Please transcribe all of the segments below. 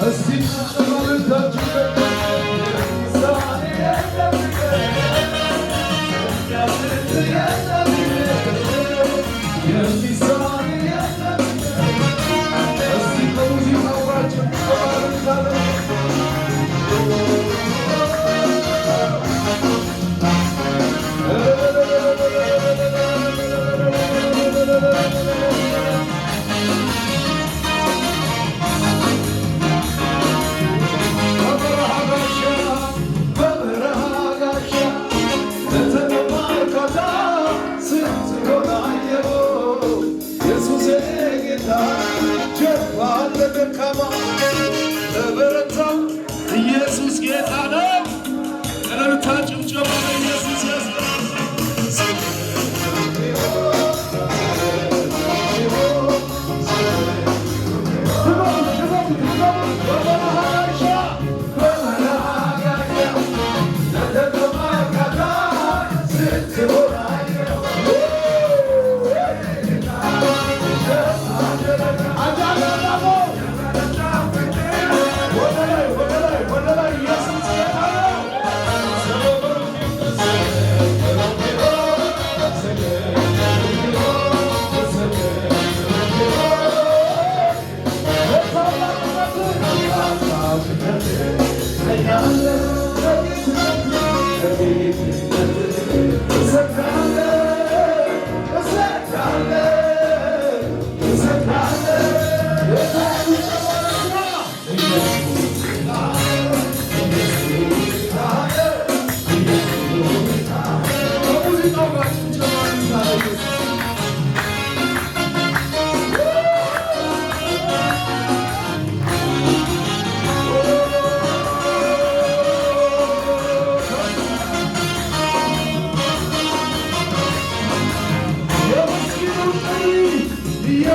Así no me ደካማ ተበረታ። ኢየሱስ ጌታ ነው። እልልታ ጭብጨባ 안녕.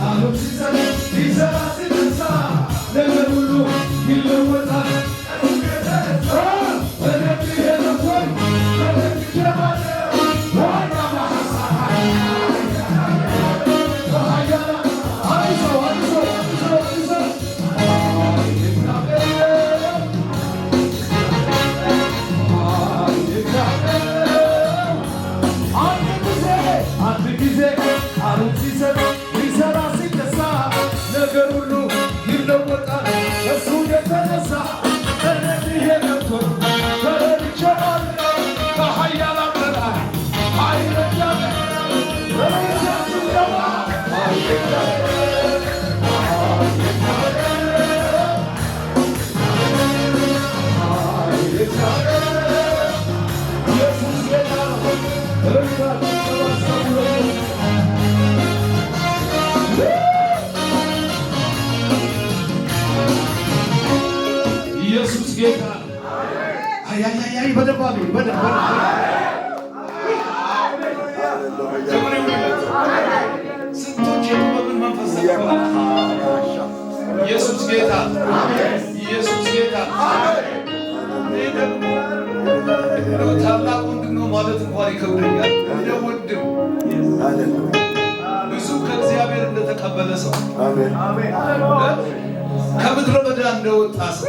Tanrım size ያያያይ በደንብ አሜን። በደንብ ስንቶች የጥበብን መንፈስ ኢየሱስ ጌታ፣ ኢየሱስ ጌታ። ታላቅ ወንድም ነው ማለት እንኳን ይከብደኛል። እንደ ወንድም ብዙ ከእግዚአብሔር እንደተቀበለ ሰው ከምድረ በዳ እንደወጣ ሰው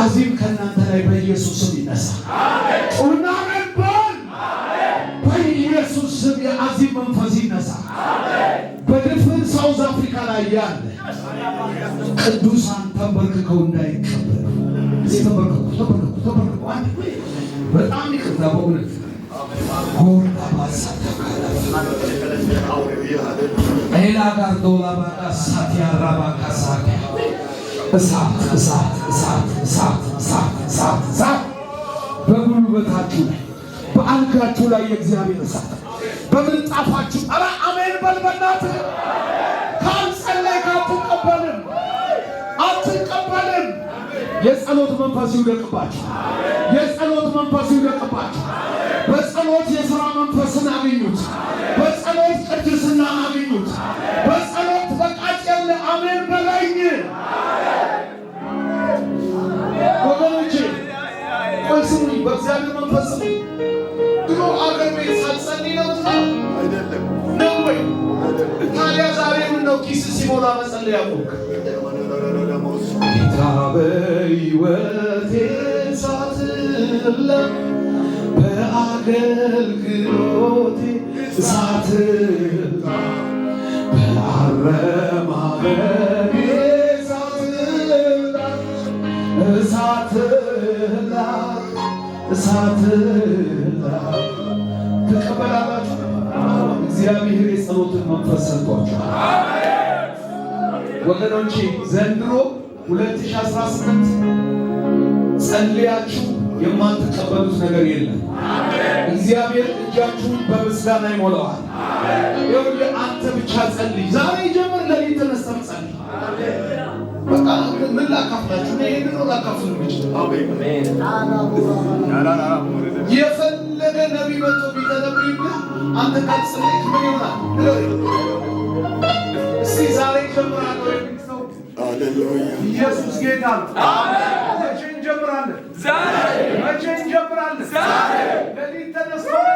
አዚም ከእናንተ ላይ በኢየሱስ ስም ይነሳል። ጡና በኢየሱስ ስም የአዚም መንፈስ ይነሳ በድፍን ሳውዝ አፍሪካ ላይ ያለ ቅዱሳን ተንበርክከው እንዳይቀበል በጣም ይቅርታ በእውነት ጋር ሳቲያ እሳት እሳ እሳት እሳት እሳት እሳት እሳት በጉልበታችሁ ላይ በአልጋችሁ ላይ የእግዚአብሔር እሳት በምንጣፋችሁ። ኧረ አሜን በል በእናትህ። ካልጸለይክ አትቀበልም፣ አትቀበልም። የጸሎት መንፈስ ይውደቅባችሁ፣ የጸሎት መንፈስ ይውደቅባችሁ። በጸሎት የሥራ ስለ ያዕቆብ ጌታ በሕይወቴ ሳትላ በአገልግሎቴ ሳትላ በአረማመዴ ሳትላ ሳትላ እግዚአብሔር የጸሎትን መንፈስ ሰጥቷችኋል። ወገኖቼ ዘንድሮ 2018 ጸልያችሁ የማትቀበሉት ነገር የለም። እግዚአብሔር እጃችሁን በምስጋና ይሞላዋል። ይሁን አንተ ብቻ ጸልይ። ዛሬ ጀምር ለሊት ተነስተህ ጸልይ። በቃ ምን ላካፍላችሁ? ይህን ነው ላካፍል ምችል የፈለገ ነቢ መጥቶ ቢተነብይ አንተ ካልጸለይክ ምን ይሆናል? እስቲ ዛሬ ጀምራለሁ ኢየሱስ ጌታ ነው። መቼ እንጀምራለን? ዛሬ። መቼ እንጀምራለን? ዛሬ። ለሊት ተነስቶ